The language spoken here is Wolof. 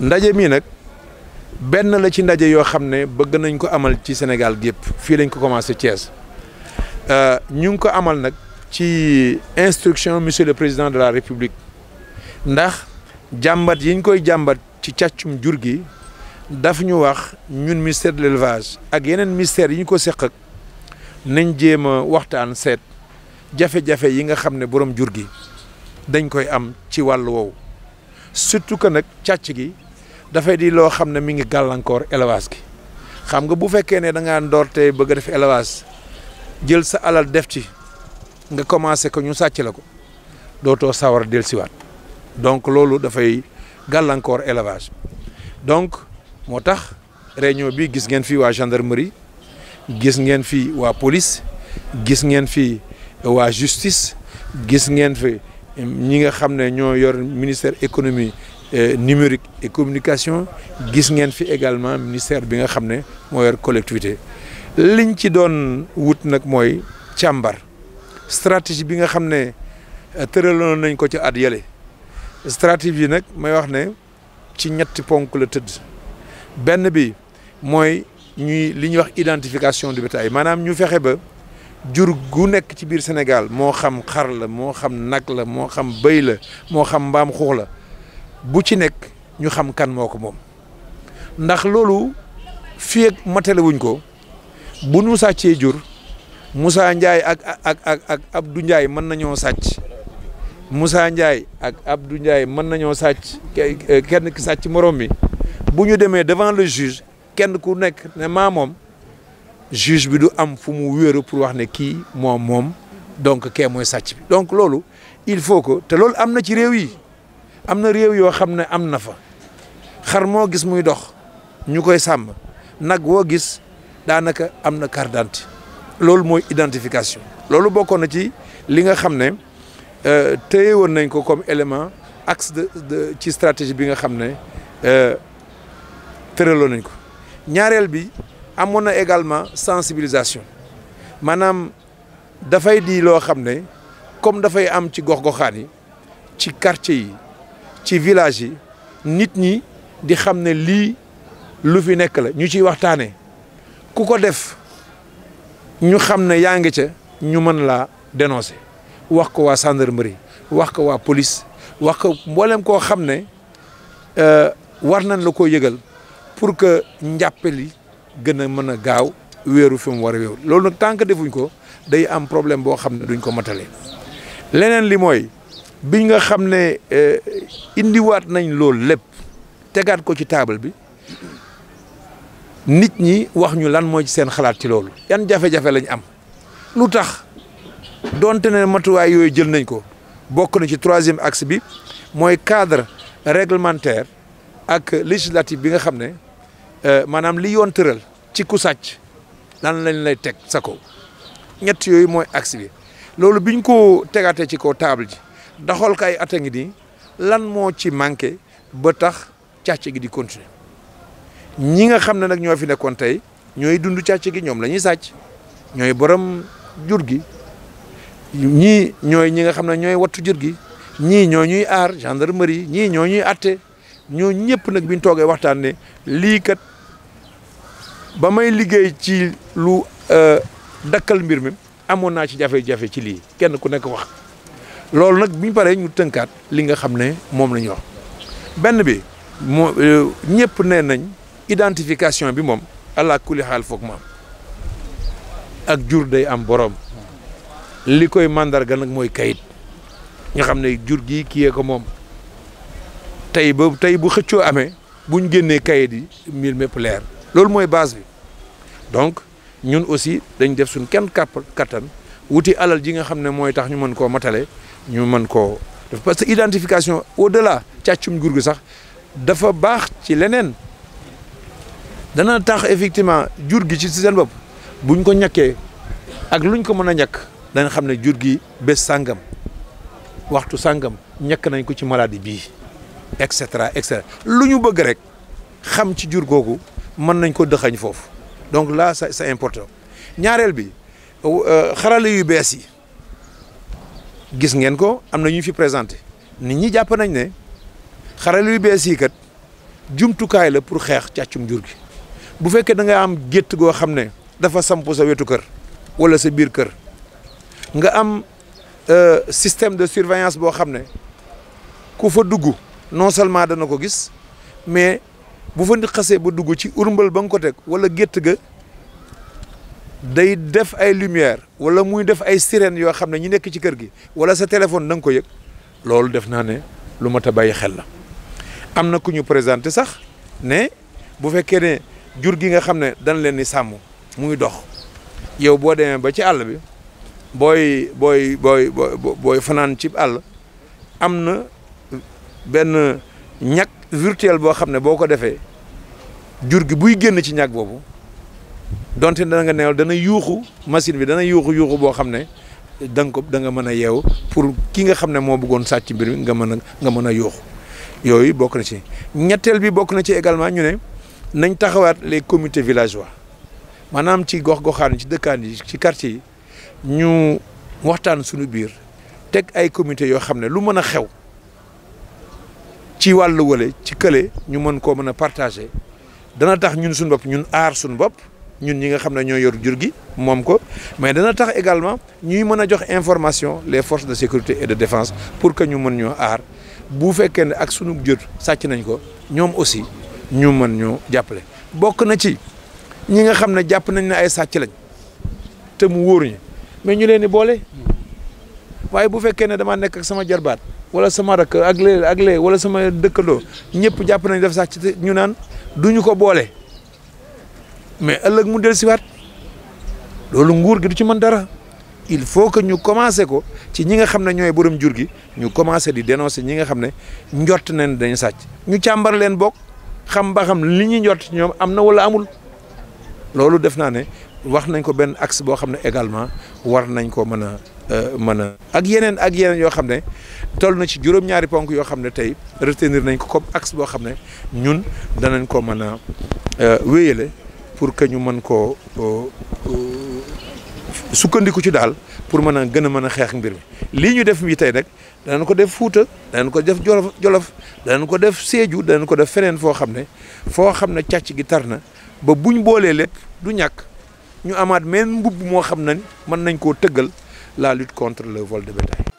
ndaje mi nag benn la ci ndaje yoo xam ne bëgg nañ ko amal ci Sénégal gi fii lañ ko commencé Thiès euh, ñu ngi ko amal nag ci instruction monsieur le président de la république ndax jàmbat yi ñu koy jàmbat ci càccum jur gi daf ñu wax ñun ministère de l'élevage ak yeneen ministères yi ñu ko seq ak nañ jéem a waxtaan seet jafe-jafe yi nga xam ne borom jur gi dañ koy am ci wàll woowu surtout que nag càcc gi. dafay di loo xam ne mi ngi gàllankoor élevage gi xam nga bu fekkee ne da ngaa ndoorte bëgg a def élevage jël sa alal def ci nga commencé ko ñu sàcc la ko dootoo sawar del siwaat donc loolu dafay gàllankoor élevage donc moo tax réunion bi gis ngeen fi waa gendarmerie gis ngeen fi waa police gis ngeen fi waa justice gis ngeen fi ñi nga xam ne ñoo yor ministère économie Euh, numérique et communication gis ngeen fi également ministère bi nga xam ne moo yor collectivité liñ ci doon wut nag mooy càmbar stratégie bi nga xam ne euh, tëraloo nañ ko ci at yële stratégie nag mooy wax ne ci ñetti ponk la tëdd benn bi mooy ñuy li ñuy wax identification du bétail maanaam ñu fexe ba jur gu nekk ci biir Sénégal moo xam xar la moo xam nag la moo xam bay la moo xam mbaam xuux la bu ci nekk ñu xam kan moo ko moom ndax loolu fii ak matale wuñ ko bu nu sàccee jur Moussa Ndiaye ak ak ak ak Abdou Ndiaye mën nañoo sàcc Moussa Ndiaye ak Abdou Ndiaye mën nañoo sàcc kenn ki sàcc morom mi bu ñu demee devant le juge kenn ku nekk ne maa moom juge bi du am fu mu wéeru pour wax ne kii moom moom donc ke mooy sàcc bi donc loolu il faut que te loolu am na ci réew yi. am na réew yoo xam ne am na fa xar moo gis muy dox ñu koy sàmm nag woo gis daanaka am na carte d'identité loolu mooy identification loolu bokkoon na ci li nga xam ne euh, téye woon nañ ko comme élément axe ci stratégie bi nga xam ne euh, tëraloon nañ ko ñaareel bi amoon na également sensibilisation maanaam dafay di loo xam ne comme dafay am ci gox-goxaan yi ci quartier yi ci village yi nit ñi di xam ne lii lu fi nekk la ñu ciy waxtaanee ku ko def ñu xam ne yaa ngi ca ñu mën laa dénoncer wax ko waa gendarmerie wax ko waa police wax ko mbooleem koo xam ne euh, war nañ la ko yëgal pour que njàppali gën a mën a gaaw weeru fi mu war a wéeru loolu nag tant que defuñ ko day am problème boo xam ne duñ ko matale leneen li mooy. bi nga xam ne euh, indiwaat nañ loolu lépp tegaat ko ci taabal bi nit ñi wax ñu lan mooy ci seen xalaat ci loolu. yan jafe-jafe lañ am lu tax donte ne matuwaay yooyu jël nañ ko bokk na ci troisième axe bi mooy cadre réglementaire ak législatif bi nga xam ne euh, maanaam li yoon tëral ci ku sàcc lan lañ lay teg sa kow ñett yooyu mooy axe bi loolu biñ ko tegaatee ci kaw taabal ji. daxol ko ay ngi nii lan moo ci manqué ba tax càcc gi di continuer ñi nga xam ne nag ñoo fi nekkoon tey ñooy dund càcc gi ñoom lañuy ñuy sàcc ñooy borom jur gi ñii ñooy ñi nga xam ne ñooy wattu jur gi ñii ñoo ñuy aar gendarmerie ñii ñoo ñuy atte ñoo ñëpp nag bi ñu toogee waxtaan ne lii kat ba may liggéey ci lu euh, dakkal mbir mi amoon naa ci jafe-jafe ci lii kenn ku nekk wax loolu nag bu ñu paree ñu tënkaat li nga xam ne moom la ñu wax benn bi moo euh, ñëpp nee nañ identification bi moom allah kulli xaal foog ma am ak jur day am boroom li koy màndarga nag mooy kayit nga xam ne jur gi kiyee ko moom tey ba tey bu xëccoo amee bu ñu génnee kayit yi mbir mépp leer loolu mooy base bi donc ñun aussi dañ def suñ kenn kàpp kattan wuti alal ji nga xam ne mooy tax ñu mën koo matale ñu mën koo parce que identification au-delà de càccum nguur gi sax dafa baax ci leneen dana tax effectivement jur gi ci seen bopp buñ ko ñàkkee ak luñ ko mën a ñàkk dañ xam ne jur gi bés sangam waxtu sàngam ñekk nañ ko ci maladie bii et cetera et cetera lu ñu bëgg rek xam ci jur googu mën nañ ko dëxañ foofu donc la c'est important ñaareel bi euh, xarala yu bees yi. gis ngeen ko am na ñu fi présenté nit ñi jàpp nañ ne xarale yu bees yi kat jumtukaay la pour xeex càccum jur gi bu fekkee da nga am gétt goo xam ne dafa samp sa wetu kër wala sa biir kër nga am euh, système de surveillance boo xam ne ku fa dugg non seulement dana ko gis mais bu fa nit xasee ba dugg ci urmbal ba nga ko teg wala gétt ga day def ay lumière wala muy def ay sirène yoo xam ne ñu nekk ci kër gi wala sa téléphone na ko yëg loolu def naa ne lu mat a bàyyi xel la am na ku ñu présenté sax ne bu fekkee ne jur gi nga xam ne dañ leen di sàmm muy dox yow boo demee ba ci àll bi booy booy booy booy fanaan ci àll am na benn ñag virtuel boo xam ne boo ko defee jur gi buy génn ci ñag boobu donte dana nga neewal dana yuuxu machine bi dana yuuxu yuuxu boo xam ne da nga da nga mën a yeew pour ki nga xam ne moo buggoon sàcc mbir mi nga mën a nga mën a yuuxu yooyu bokk na ci ñetteel bi bokk na ci également ñu ne nañ taxawaat les village villageois maanaam ci gox-goxaan ci dëkkaan yi ci quartier ñu waxtaan suñu biir teg ay comités yoo xam ne lu mën a xew ci wàllu wale ci kële ñu mën koo mën a partagé dana tax ñun suñu bopp ñun aar suñu bopp ñun ñi nga xam ne ñoo yor jur gi moom ko mais dana tax également ñuy mën a jox information les forces de sécurité et de défense pour que ñu mën ñoo aar bu fekkee ne ak sunu jur sàcc nañ ko ñoom aussi ñu mën ñoo jàppale. bokk na ci ñi nga xam ne jàpp nañ ne ay sàcc lañ te mu wóor ñu mais ñu leen di boole waaye bu fekkee ne dama nekk ak sama jarbaat wala sama rakk ak lee wala sama dëkkandoo ñëpp jàpp nañ def sàcc te ñu naan duñu ko boole. mais ëllëg mu del si siwaat loolu nguur gi du ci mën dara il faut que ñu commencé ko ci ñi nga xam ne ñooy borom jur gi ñu commencé di dénoncer ñi nga xam ne njott nañ dañu sàcc ñu càmbar leen bokk xam ba xam li ñuy njott ñoom am na wala amul loolu def naa ne wax nañ ko benn axe boo xam ne également war nañ ko mën a euh, mën a. ak yeneen ak yeneen yoo xam ne toll na ci juróom-ñaari ponk yoo xam ne tey retenir nañ ko comme axe boo xam ne ñun danañ ko mën a euh, wéyale. pour que ñu mën koo sukkandiku ci daal pour mën a gën a mën a xeex mbir mi lii ñu def mi rek nag danañ ko def Fuuta danañ ko def Jolof Jolof danañ ko def Sédhiou danañ ko def feneen foo xam ne foo xam ne càcc gi tar na ba buñ boolee lépp du ñàkk ñu amaat meen mbubb moo xam ne mën nañ koo tëggal la lutte contre le vol de